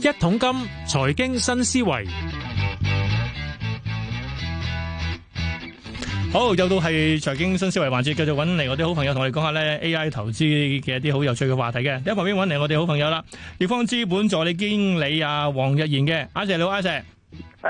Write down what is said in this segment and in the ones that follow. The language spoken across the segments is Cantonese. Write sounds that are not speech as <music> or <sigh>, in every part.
一桶金財經新思維，好，又到係財經新思維環節，繼續揾嚟我哋好朋友同我哋講下咧 AI 投資嘅一啲好有趣嘅話題嘅。喺旁邊揾嚟我哋好朋友啦，易方資本助理經理阿王逸研嘅，阿謝你好，阿謝。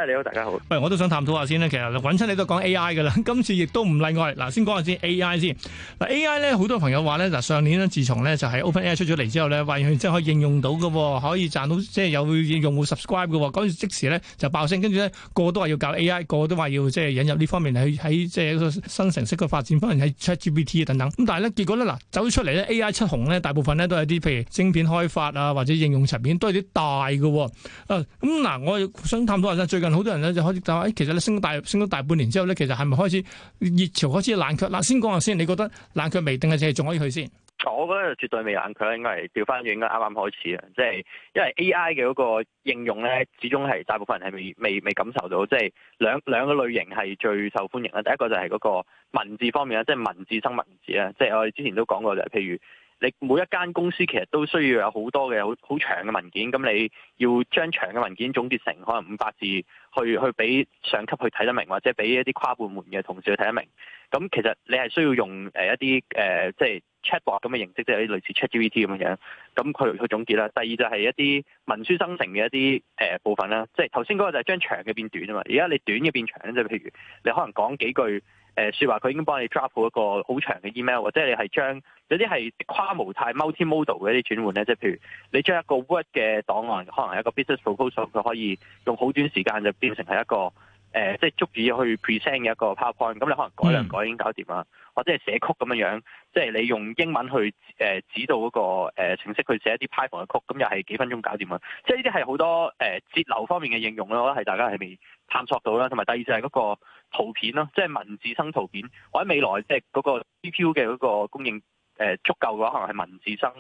你好，大家好。喂，我都想探討下先啦。其實搵親你都講 A I 噶啦，今次亦都唔例外。嗱，先講下先 A I 先。嗱 A I 咧，好多朋友話咧，嗱上年咧，自從咧就係 Open A I 出咗嚟之後咧，話樣即係可以應用到噶，可以賺到即係有用戶 subscribe 噶。咁即時咧就爆升，跟住咧個都話要搞 A I，個都話要即係引入呢方面喺喺即係一個新程式嘅發展方面喺 ChatGPT 等等。咁但係咧結果咧嗱走出嚟咧 A I 七雄咧，大部分咧都係啲譬如晶片開發啊，或者應用層面都係啲大噶。誒、呃，咁、嗯、嗱，我想探討下最但好多人咧就開始就話，誒，其實咧升大升咗大半年之後咧，其實係咪開始熱潮開始冷卻？嗱，先講下先，你覺得冷卻未定係仲係仲可以去先？我覺得絕對未冷卻啦，應該係調翻轉，應該啱啱開始啊。即係因為 A I 嘅嗰個應用咧，始終係大部分人係未未未未感受到。即係兩兩個類型係最受歡迎啦。第一個就係嗰個文字方面啦，即係文字生文字啦。即係我哋之前都講過，就係譬如。你每一間公司其實都需要有好多嘅好好長嘅文件，咁你要將長嘅文件總結成可能五百字去，去去俾上級去睇得明，或者俾一啲跨部門嘅同事去睇得明。咁其實你係需要用誒一啲誒、呃、即係 chatbot 咁嘅形式，即係啲類似 ChatGPT 咁嘅樣，咁佢去，去總結啦。第二就係一啲文書生成嘅一啲誒、呃、部分啦，即係頭先嗰個就係將長嘅變短啊嘛。而家你短嘅變長咧，即係譬如你可能講幾句。誒説、呃、話佢已經幫你 drop 好一個好長嘅 email，或者你係將有啲係跨模態 multi-modal 嘅一啲轉換咧，即係譬如你將一個 word 嘅檔案，可能係一個 business proposal，佢可以用好短時間就變成係一個誒、呃，即係足以去 present 嘅一個 powerpoint，咁、嗯、你可能改兩改已經搞掂啦，嗯、或者係寫曲咁樣樣，即係你用英文去誒指導嗰、那個、呃、程式去寫一啲 python 嘅曲，咁又係幾分鐘搞掂啊！即係呢啲係好多誒節、呃、流方面嘅應用啦，我覺得係大家係未探索到啦，同埋第二就係嗰個。圖片咯，即係文字生圖片。或者未來即係嗰個 GPU 嘅嗰個供應誒、呃、足夠嘅話，可能係文字生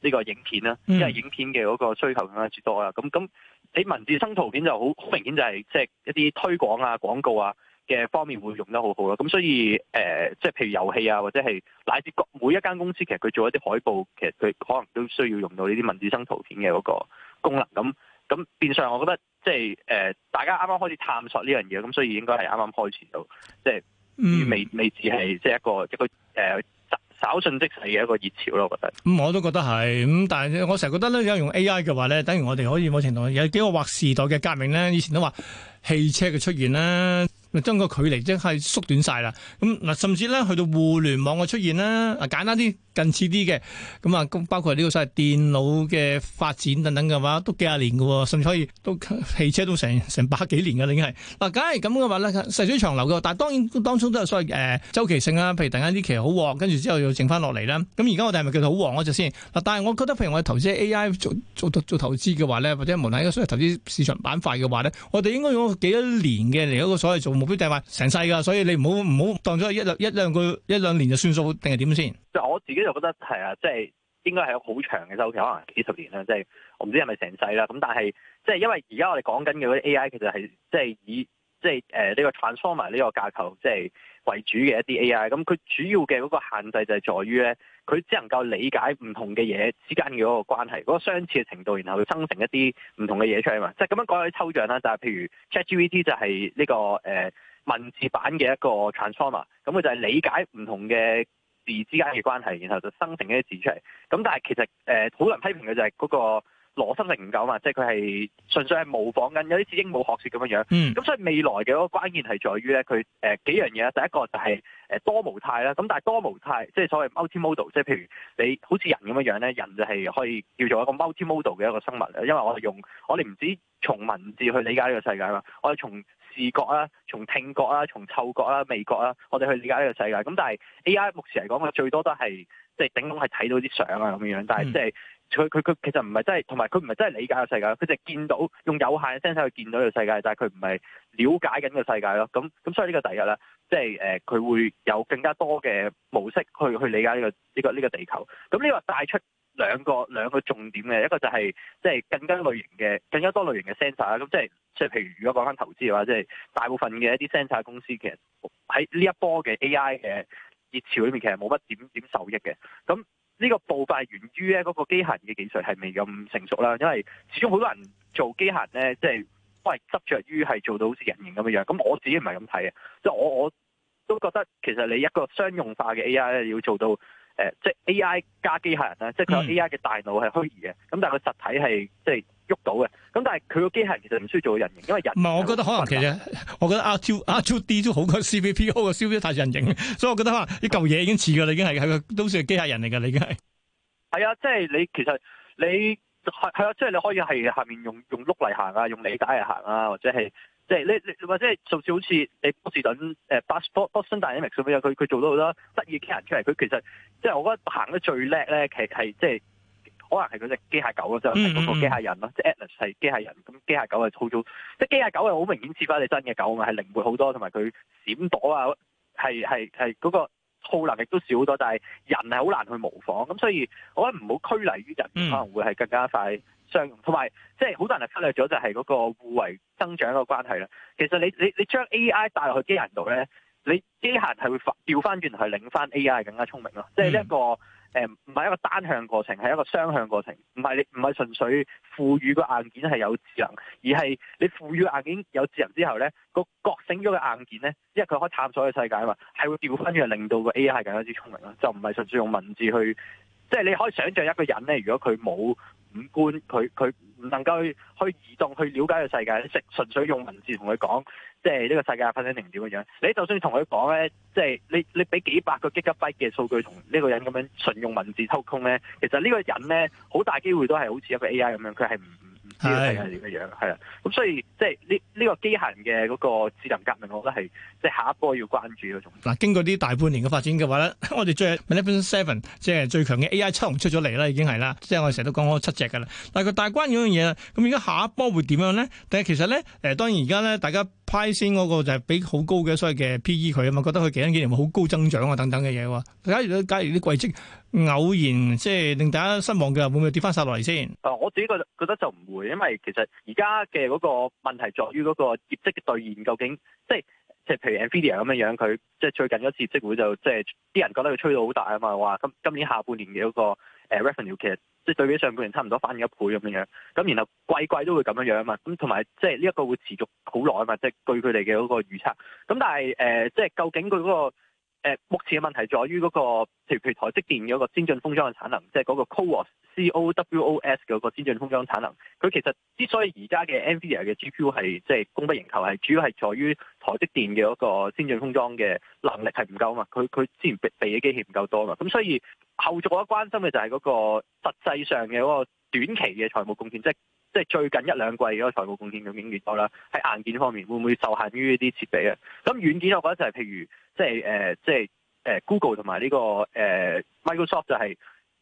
呢個影片啦，嗯、因為影片嘅嗰個需求更加之多啦。咁咁你文字生圖片就好好明顯就係即係一啲推廣啊、廣告啊嘅方面會用得好好啦。咁所以誒、呃，即係譬如遊戲啊，或者係乃至各每一間公司其實佢做一啲海報，其實佢可能都需要用到呢啲文字生圖片嘅嗰個功能。咁咁變相，我覺得。即係誒、呃，大家啱啱開始探索呢樣嘢，咁所以應該係啱啱開始到，即係未未止係即係一個一個誒、呃、稍瞬即逝嘅一個熱潮咯，我覺得、嗯。咁我都覺得係，咁、嗯、但係我成日覺得咧，如果用 AI 嘅話咧，等於我哋可以某程度有幾個劃時代嘅革命咧。以前都話汽車嘅出現啦。將個距離即係縮短晒啦。咁嗱，甚至咧去到互聯網嘅出現咧，簡單啲近似啲嘅，咁啊，包括呢個所謂電腦嘅發展等等嘅話，都幾廿年嘅喎，甚至可以都汽車都成成百幾年嘅已經係。嗱，梗係咁嘅話咧，細水長流嘅。但係當然當中都有所謂誒、呃、週期性啦。譬如突然間啲期好旺，跟住之後又剩翻落嚟啦。咁而家我哋係咪叫做好旺嗰隻先？嗱，但係我覺得譬如我哋投資 AI 做做做，做投資嘅話咧，或者無論喺一個所謂投資市場板塊嘅話咧，我哋應該用幾多年嘅嚟一個所謂做？就係話成世㗎，所以你唔好唔好當咗一兩一兩個一兩年就算數，定係點先？就我自己就覺得係啊，即係應該係好長嘅周期，可能幾十年啦。即係我唔知係咪成世啦。咁但係即係因為而家我哋講緊嘅啲 A.I. 其實係即係以即係誒呢個 Transformer 呢個架構，即係。為主嘅一啲 AI，咁佢主要嘅嗰個限制就係在於咧，佢只能夠理解唔同嘅嘢之間嘅嗰個關係，嗰個相似嘅程度，然後佢生成一啲唔同嘅嘢出嚟嘛。即係咁樣講起抽象啦，就係譬如 ChatGPT 就係呢個誒文字版嘅一個 Transformer，咁佢就係理解唔同嘅字之間嘅關係，然後就生成一啲字出嚟。咁但係其實誒好難批評嘅就係嗰個。邏輯性唔夠啊嘛，即係佢係純粹係模仿緊，有啲似鸚鵡學舌咁樣樣。咁所以未來嘅嗰個關鍵係在於咧，佢誒、呃、幾樣嘢。第一個就係、是、誒、呃、多模態啦。咁但係多模態即係所謂 multi-modal，即係譬如你好似人咁樣樣咧，人就係可以叫做一個 multi-modal 嘅一個生物啊。因為我係用我哋唔止從文字去理解呢個世界嘛，我係從視覺啦、從聽覺啦、從嗅覺啦、味覺啦，我哋去理解呢個世界。咁但係 AI 目前嚟講，我最多都係即係頂籠係睇到啲相啊咁樣樣，但係即係。嗯。佢佢佢其實唔係真係，同埋佢唔係真係理解個世界，佢就見到用有限嘅 sensor 去見到個世界，但係佢唔係了解緊個世界咯。咁咁所以呢個第一啦，即係誒，佢、呃、會有更加多嘅模式去去理解呢、呢個呢、呢個呢、呢個地球。咁呢個帶出兩個兩個重點嘅，一個就係即係更加類型嘅更加多類型嘅 sensor 啦。咁即係即係譬如如果講返投資嘅話，即、就、係、是、大部分嘅一啲 sensor 公司其實喺呢一波嘅 AI 嘅熱潮裏面其實冇乜點點受益嘅。咁呢個步伐係源於咧嗰個機械人嘅技術係未咁成熟啦，因為始終好多人做機械人咧，即係都係執着於係做到好似人形咁嘅樣。咁我自己唔係咁睇嘅，即係我我都覺得其實你一個商用化嘅 AI 呢，要做到誒、呃，即係 AI 加機械人咧，即係佢 AI 嘅大腦係虛擬嘅，咁但係個實體係即係。喐到嘅，咁但係佢個機械人其實唔需要做到人形，因為人唔係，我覺得可能其實我覺得 R2 R2D 都好過 CVPO 嘅 CVP 太人形，所以我覺得可能呢嚿嘢已經似噶啦，已經係係個都算係機械人嚟噶啦，你已經係係啊，即係你其實你係係啊，即係你可以係下面用用碌嚟行啊，用履帶嚟行啊，或者係即係你你或者係就算好似你波士頓誒，Bos Boston Dynamics 咁樣，佢佢做到好多得意機械人出嚟，佢其實即係我覺得行得最叻咧，其實係即係。可能係嗰隻機械狗咯，即係嗰個機械人咯，嗯嗯、即係 Atlas 係機械人，咁機械狗係好早，即係機械狗係好明顯似翻你真嘅狗啊，係靈活好多，同埋佢閃躲啊，係係係嗰個耗能力都少好多，但係人係好難去模仿，咁所以我覺得唔好拘泥於人，嗯、可能會係更加快相，同埋即係好多人忽略咗就係嗰個互為增長個關係啦。其實你你你將 AI 帶落去機械人度咧，你機械人係會調翻轉去領翻 AI 更加聰明咯、嗯，即係一、呢個。誒唔係一個單向過程，係一個雙向過程。唔係你唔係純粹賦予個硬件係有智能，而係你賦予個硬件有智能之後咧，個覺醒咗嘅硬件咧，因為佢可以探索個世界啊嘛，係會調翻嘅，令到個 AI 更加之聰明咯。就唔係純粹用文字去，即係你可以想像一個人咧，如果佢冇。五官佢佢唔能夠去去移動去了解個世界，你純粹用文字同佢講，即係呢個世界發生成點嘅樣。你就算同佢講咧，即係你你俾幾百個 Gigabyte 嘅數據同呢個人咁樣純用文字溝通咧，其實呢個人咧好大機會都係好似一個 AI 咁樣，佢係唔。係嘅樣，係啊。咁 <noise> <noise> 所以即係呢呢個機械人嘅嗰個智能革命，我覺得係即係下一波要關注咯。嗱，經過啲大半年嘅發展嘅話咧， <laughs> 我哋最 Seven 即係最強嘅 AI 七雄出咗嚟啦，已經係啦。即係我哋成日都講嗰七隻噶啦。嗱，佢大關嗰樣嘢咧，咁而家下一波會點樣咧？但係其實咧，誒當然而家咧，大家派先嗰個就係畀好高嘅所謂嘅 P E 佢啊嘛，覺得佢幾分幾年會好高增長啊，等等嘅嘢喎。大家如果假如啲季績。偶然即係令大家失望嘅，會唔會跌翻曬落嚟先？誒，我自己覺得得就唔會，因為其實而家嘅嗰個問題在於嗰個業績嘅兌現，究竟即係即係譬如 NVIDIA 咁樣樣，佢即係最近嗰次業績會就即係啲人覺得佢吹到好大啊嘛，話今今年下半年嘅嗰、嗰個、呃、revenue 其實即係對比上半年差唔多翻咗一倍咁樣樣，咁然後季季都會咁樣樣啊嘛，咁同埋即係呢一個會持續好耐啊嘛，即係據佢哋嘅嗰個預測。咁但係誒、呃，即係究竟佢、嗰、嗰個？誒、呃，目前嘅問題在於嗰、那個，譬如譬如台積電嗰個先進封裝嘅產能，即係嗰個 CoWoS C, os, C O、W、O S 嘅嗰個先進封裝產能，佢其實之所以而家嘅 Nvidia 嘅 GPU 係即係、就、供、是、不應求，係主要係在於台積電嘅嗰個先進封裝嘅能力係唔夠啊嘛，佢佢之前備嘅機器唔夠多嘛。咁所以後續我關心嘅就係嗰個實際上嘅嗰個短期嘅財務貢獻，即係。即係最近一兩季嗰個財務貢獻究竟幾多啦？喺硬件方面會唔會受限於呢啲設備啊？咁軟件我覺得就係譬如即係誒、呃、即係誒 Google 同埋、這、呢個誒、呃、Microsoft 就係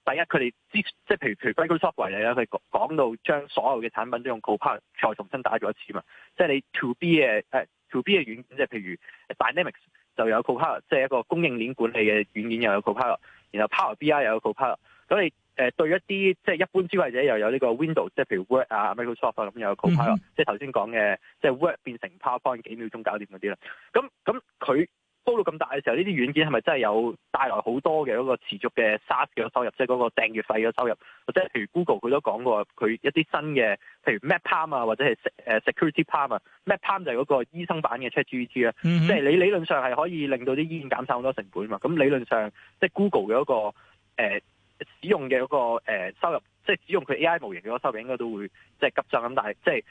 第一佢哋支即係譬如譬如 Microsoft 為例啦，佢講到將所有嘅產品都用 Copilot 再重新打咗一次嘛。即係你 To B 嘅誒 To B 嘅軟件，即係譬如 Dynamics 就有 Copilot，即係一個供應鏈管理嘅軟件又有 Copilot，然後 Power BI 又有 Copilot，咁你。誒對一啲即係一般消費者又有呢個 Windows，即係譬如 Word 啊、Microsoft 咁、啊、又有 Copilot 即係頭先講嘅，即係 Word 變成 PowerPoint 幾秒鐘搞掂嗰啲啦。咁咁佢高到咁大嘅時候，呢啲軟件係咪真係有帶來好多嘅嗰個持續嘅 SaaS 嘅收入，即係嗰個訂閱費嘅收入？或者譬如 Google 佢都講過佢一啲新嘅，譬如 MedPal 嘛、啊，或者係 SecurityPal 啊。MedPal 就係嗰個醫生版嘅 ChatGPT 啊。即、mm hmm. 你理論上係可以令到啲醫院減省好多成本嘛。咁理論上即係 Google 嘅一、嗰個誒。呃呃使用嘅嗰、嗰個誒、呃、收入，即係使，使用佢 AI 模型嘅嗰個收入，應該都會即係急增咁，但係即係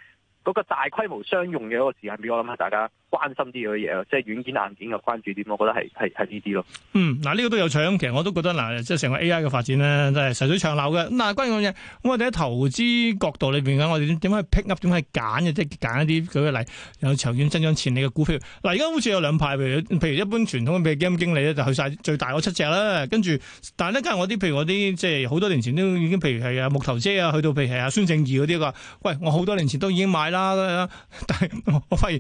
嗰個大規模商用嘅嗰個時間表，我諗下大家，關心啲咁嘅嘢咯，即係軟件硬件嘅關注點，我覺得係係係呢啲咯。嗯，嗱、這、呢個都有趣。其實我都覺得嗱，即係成個 AI 嘅發展咧，都係細水長流嘅。咁嗱，關於咁嘢，我哋喺投資角度裏邊我哋點點去 pick up，點去揀嘅，即係揀一啲舉個例，有長遠增長潛力嘅股票。嗱，而家好似有兩派，譬如譬如一般傳統嘅基金經理咧，就去晒最大嗰七隻啦。跟住，但係咧，今日我啲譬如我啲即係好多年前都已經，譬如係啊木頭姐啊，去到譬如係啊孫正義嗰啲個，喂，我好多年前都已經買啦。但係我發現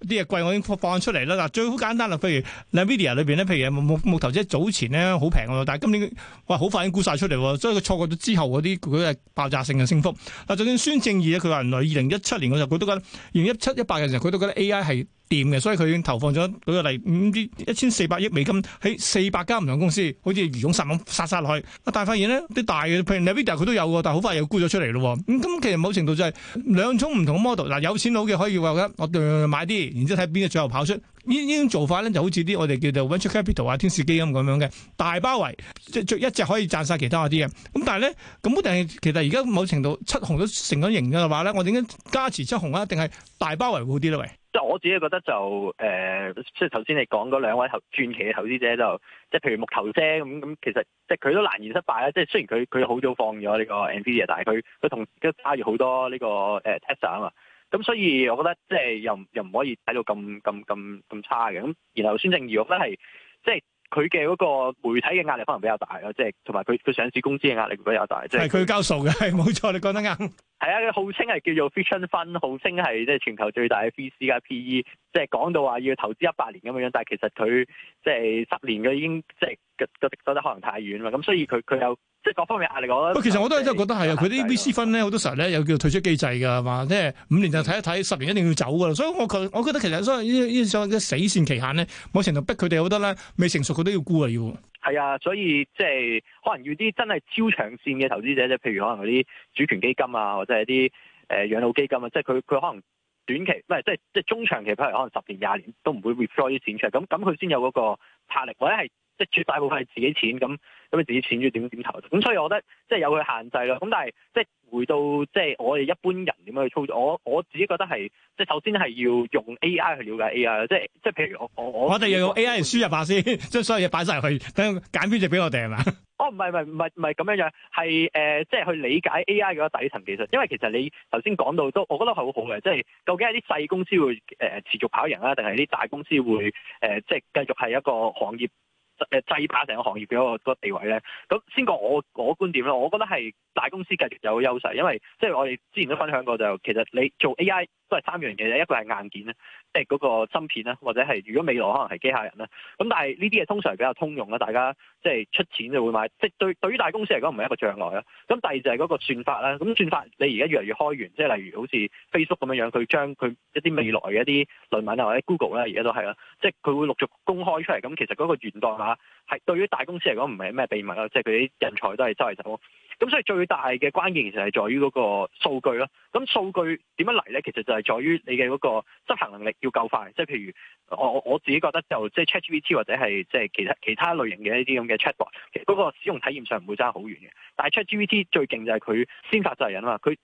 啲貴我已經放出嚟啦。嗱，最好簡單啦，譬如 Nvidia 裏邊咧，譬如木木，木頭姐，早前咧好平嘅喎，但係今年哇，好快已經估晒出嚟，所以佢錯過咗之後嗰啲佢係爆炸性嘅升幅。嗱，就算孫正義咧，佢話原來二零一七年嗰時候，佢都覺得二零一七一八嘅時候，佢都覺得 AI 係。掂嘅，所以佢已經投放咗，舉個例，唔知一千四百億美金喺四百間唔同公司，好似魚湧殺咁殺殺落去。但係發現咧啲大嘅，譬如 Nvidia 佢都有嘅，但係好快又沽咗出嚟咯。咁、嗯、咁、嗯、其實某程度就係、是、兩種唔同嘅 model 嗱，有錢佬嘅可以話咧，我買啲，然之後睇邊個最後跑出呢呢種做法咧，就好似啲我哋叫做 venture capital 啊、天使基金咁樣嘅大包圍，就是、一隻可以賺晒其他嗰啲嘅。咁、嗯、但係咧咁，定係其實而家某程度七雄都成咗型嘅話咧，我點解加持七雄啊？定係大包圍會好啲咧？喂！即係我自己覺得就誒，即係頭先你講嗰兩位頭傳奇嘅投資者就，即係譬如木頭姐咁咁，其實即係佢都難言失敗啦。即係雖然佢佢好早放咗呢個 NVIDIA，但係佢佢同時都揸住好多呢個誒 Tesla 啊嘛。咁所以我覺得即係又又唔可以睇到咁咁咁咁差嘅。咁然後孫正義我覺得係即係。就是佢嘅嗰個媒體嘅壓力可能比較大咯，即係同埋佢佢上市公司嘅壓力比較大，即係佢交數嘅，冇錯，你講得啱。係啊，佢號稱係叫做 Vision Fund，號稱係即係全球最大嘅 VC 加 PE，即係講到話要投資一百年咁樣，但係其實佢即係十年佢已經即係覺得可能太遠啊嘛，咁所以佢佢有。即係各方面壓力我咧，喂，其實我都真係覺得係啊，佢啲 VC 分咧好多時候咧有叫退出機制㗎嘛，即係五年就睇一睇，嗯、十年一定要走㗎啦。所以我覺，我覺得其實所以依依死線期限咧，某程度逼佢哋，我覺得咧未成熟佢都要沽啊要。係啊，所以即係可能要啲真係超長線嘅投資者，即譬如可能嗰啲主權基金啊，或者係啲誒養老基金啊，即係佢佢可能短期唔係即係即係中長期譬如可能十年廿年都唔會 withdraw 啲錢出嚟，咁咁佢先有嗰個魄力，或者係。即係絕大部分係自己錢，咁咁你自己錢要點點投？咁、嗯、所以我覺得即係有佢限制咯。咁但係即係回到即係我哋一般人點樣去操作？我我自己覺得係即係首先係要用 A I 去了解 A I。即係即係譬如我我我哋要用 A I 輸入下先，將 <laughs> 所有嘢擺晒去，等佢揀邊隻俾我哋係嘛？ <laughs> 哦唔係唔係唔係唔係咁樣樣，係誒、呃、即係去理解 A I 嗰個底層技術。因為其實你頭先講到都，我覺得係好好嘅。即係究竟係啲細公司會誒、呃、持續跑贏啦，定係啲大公司會誒即係繼續係一個行業？誒制霸成個行業嘅一個地位咧，咁先講我我個觀點啦，我覺得係大公司繼續有優勢，因為即係我哋之前都分享過、就是，就其實你做 AI。都係三樣嘢咧，一個係硬件咧，即係嗰個芯片咧，或者係如果未來可能係機械人咧，咁但係呢啲嘢通常比較通用啦，大家即係出錢就會買，即係對對於大公司嚟講唔係一個障礙啦。咁第二就係嗰個算法啦，咁算法你而家越嚟越開源，即係例如好似 Facebook 咁樣樣，佢將佢一啲未來嘅一啲論文啊或者 Google 咧而家都係啦，即係佢會陸續公開出嚟。咁其實嗰個源代碼係對於大公司嚟講唔係咩秘密咯，即係佢啲人才都係周圍走。咁所以最大嘅關鍵其實係在於嗰個數據咯。咁數據點樣嚟咧？其實就係。係在於你嘅嗰個執行能力要夠快，即係譬如我我我自己覺得就即係 ChatGPT 或者係即係其他其他類型嘅一啲咁嘅 Chatbot，其實嗰個使用體驗上唔會爭好遠嘅。但係 ChatGPT 最勁就係佢先發制人啊嘛，佢。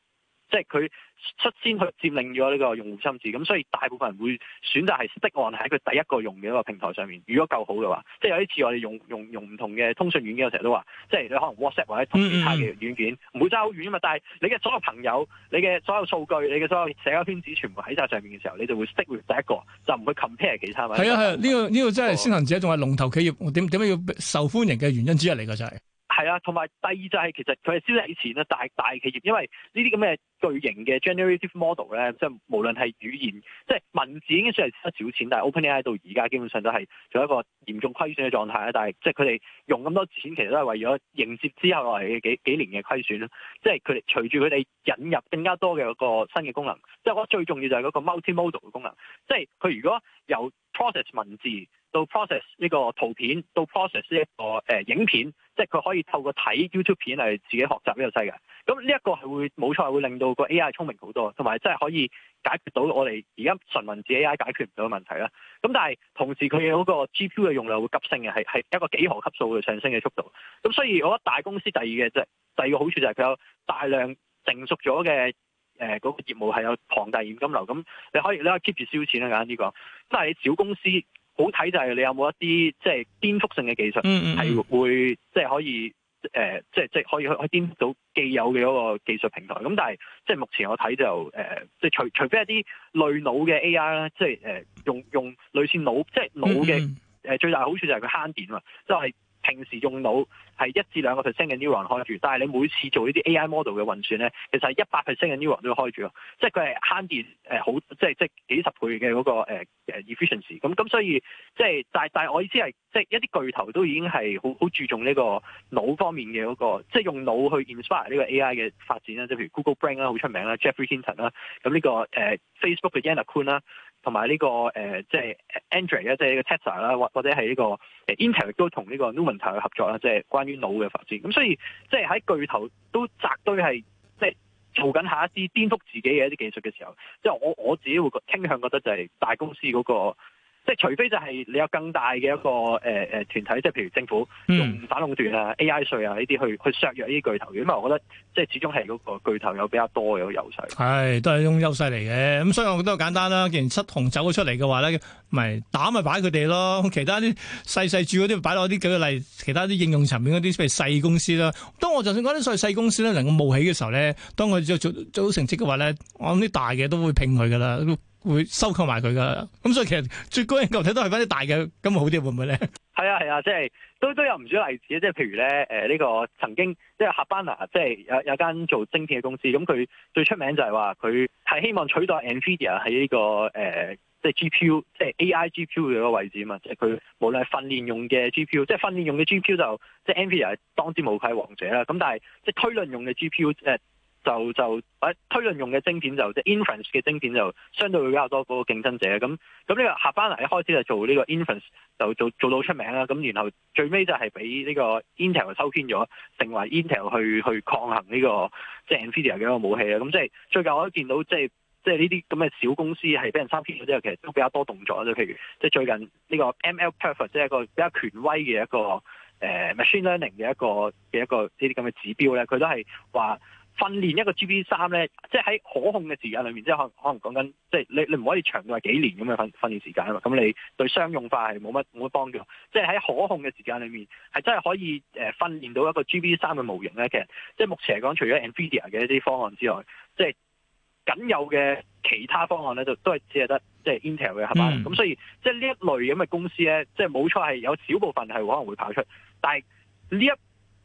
即係佢率先去佔領咗呢個用戶心智，咁所以大部分人會選擇係的確喺佢第一個用嘅一個平台上面。如果夠好嘅話，即係有啲次我哋用用用唔同嘅通訊軟件，我成日都話，即係你可能 WhatsApp 或者同其他嘅軟件，唔、嗯、會爭好遠啊嘛。但係你嘅所有朋友、你嘅所有數據、你嘅所有社交圈子全部喺晒上面嘅時候，你就會 s t 第一個，就唔去 compare 其他位。係啊係啊，呢、這個呢、這個真係先行者仲係龍頭企業點點樣要受歡迎嘅原因之一嚟嘅就係。係啊，同埋第二就係、是、其實佢係消得啲錢啦，大大企業因為呢啲咁嘅巨型嘅 generative model 咧，即係無論係語言即係、就是、文字已經算係得少錢，但係 OpenAI 到而家基本上都係做一個嚴重虧損嘅狀態咧，但係即係佢哋用咁多錢其實都係為咗迎接之後嚟嘅幾幾年嘅虧損啦。即係佢哋隨住佢哋引入更加多嘅嗰個新嘅功能，即、就、係、是、我覺得最重要就係嗰個 multi-modal 嘅功能，即係佢如果由 process 文字。到 process 呢個圖片，到 process 呢、呢個誒、呃、影片，即係佢可以透過睇 YouTube 片嚟自己學習呢個世界。咁呢一個係會冇錯，會令到個 AI 聰明好多，同埋真係可以解決到我哋而家純文字 AI 解決唔到嘅問題啦。咁但係同時佢嗰個 GPU 嘅用量會急升嘅，係係一個幾何級數嘅上升嘅速度。咁所以我覺得大公司第二嘅即係、第二個好處就係佢有大量成熟咗嘅誒嗰個業務係有龐大現金流，咁你可以你可以 keep 住燒錢啦，講呢個。咁但係小公司。好睇就係你有冇一啲即係顛覆性嘅技術，係、mm hmm. 會即係可以誒、呃，即係即係可以去可以顛覆到既有嘅嗰個技術平台。咁但係即係目前我睇就誒、呃，即係除除非一啲類腦嘅 A I 啦，即係誒用用類似腦即係腦嘅誒最大好處就係佢慳電啊嘛，即係。平時用腦係一至兩個 percent 嘅 neuron 開住，但係你每次做呢啲 AI model 嘅運算咧，其實係一百 percent 嘅 neuron 都開住咯，即係佢係慳電誒好，即係即係幾十倍嘅嗰、那個誒誒 efficiency 咁，咁、呃、所以即係但係但係我意思係，即係一啲巨頭都已經係好好注重呢個腦方面嘅嗰、那個，即係用腦去 inspire 呢個 AI 嘅發展啦，即係譬如 Google Brain 啦，好出名啦，Jeffrey Hinton 啦、這個，咁呢個誒 Facebook 嘅 Yann、uh、LeCun 啦。同埋呢個誒，即係 Andre 啊，即係呢個 Tesla 啦，或或者係呢個 Intel 亦都同呢個 Numenta 合作啦，即係關於腦嘅發展。咁，嗯，所以即係喺巨頭都扎堆係即係做緊下一啲顛覆自己嘅一啲技術嘅時候，即係我我自己會傾向覺得就係大公司嗰個。即係除非就係你有更大嘅一個誒誒、呃呃、團體，即係譬如政府用反壟斷啊、AI 稅啊呢啲去去削弱呢啲巨頭，因為我覺得即係始終係嗰個巨頭有比較多嘅優勢。係、哎、都係一種優勢嚟嘅。咁所以我覺得簡單啦。既然七雄走咗出嚟嘅話咧，咪打咪擺佢哋咯。其他啲細細住嗰啲擺落啲舉例，其他啲應用層面嗰啲譬如細公司啦。當我就算嗰啲所謂細公司咧能夠冒起嘅時候咧，當佢做做做成績嘅話咧，我諗啲大嘅都會聘佢噶啦。會收購埋佢噶，咁、嗯、所以其實最高嘅牛睇都係翻啲大嘅，咁好啲會唔會咧？係啊係啊，即係都都有唔少例子，即係譬如咧，誒、呃、呢、這個曾經即係 Habana 即係有有間做晶片嘅公司，咁、嗯、佢最出名就係話佢係希望取代 Nvidia 喺呢、這個誒、呃、即係 GPU 即係 AI GPU 嘅位置啊嘛，即係佢無論係訓練用嘅 GPU，即係訓練用嘅 GPU 就即係 Nvidia 當之無愧王者啦。咁但係即係推論用嘅 GPU 誒。就就推論用嘅晶片就即係、就是、inference 嘅晶片就相對會比較多嗰、那個競爭者，咁咁呢個 Habana 嚟一開始就做呢個 inference 就做做到出名啦，咁，然後最尾就係俾呢個 Intel 收編咗，成為 Intel 去去抗衡呢、這個即係、就是、Nvidia 嘅一個武器啦。咁即係最近我都見到即係即係呢啲咁嘅小公司係俾人收編咗之後，其實都比較多動作啦。譬如即係、就是、最近呢個 MLPerf 即係一個比較權威嘅一個誒、呃、machine learning 嘅一個嘅一個呢啲咁嘅指標咧，佢都係話。訓練一個 G P 三,咧，即係喺可控嘅時間裏面，即係可能可能講緊，即係你你唔可以長到話幾年咁嘅訓訓練時間啊嘛。咁你對商用化係冇乜冇乜幫助。即係喺可控嘅時間裏面，係真係可以誒訓練到一個 G P 三,嘅模型咧。其實即係目前嚟講，除咗 NVIDIA 嘅一啲方案之外，即係僅有嘅其他方案咧，就都係只係得即係 Intel 嘅係嘛。咁、嗯、所以即係呢一類咁嘅公司咧，即係冇錯係有少部分係可能會跑出，但係呢一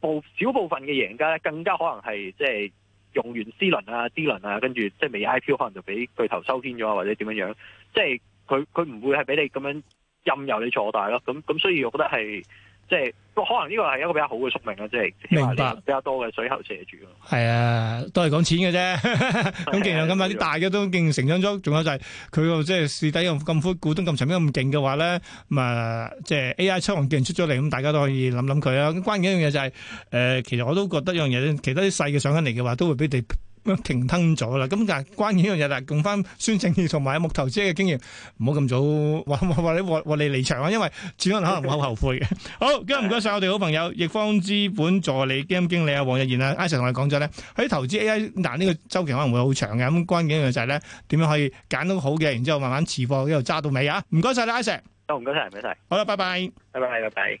部少部分嘅贏家咧，更加可能係即係用完 C 輪啊、D 輪啊，跟住即係未 IPO 可能就俾巨頭收編咗啊，或者點樣樣，即係佢佢唔會係俾你咁樣任由你坐大咯。咁咁，所以我覺得係。即係，可能呢個係一個比較好嘅宿命啦，即係明白比較多嘅水喉射住咯。係啊，都係講錢嘅啫。咁其實咁日啲大家都勁 <laughs> 成長咗，仲有就係佢個即係市底又咁闊，股東咁沉，咁勁嘅話咧，咁、就、啊、是，即係 A I 出行既然出咗嚟，咁大家都可以諗諗佢啊。咁關鍵一樣嘢就係、是，誒、呃，其實我都覺得一樣嘢，其他啲細嘅上緊嚟嘅話，都會俾你。停吞咗啦，咁但係關鍵呢樣嘢就係，用翻孫正義同埋木頭姐嘅經驗，唔好咁早話話你話話離場啊，因為始終可能會好後悔嘅。 <laughs> 好，今日唔該晒我哋好朋友易方資本助理基金經理啊王逸研啊，Ish 同你講咗咧，喺投資 A I 難呢個周期可能會好長嘅，咁關鍵嘅就係咧點樣可以揀到好嘅，然之後慢慢持貨一路揸到尾啊！唔該晒啦，Ish，都唔該晒，唔該晒。哦、謝謝謝謝好啦，拜拜，拜拜，拜拜，拜拜。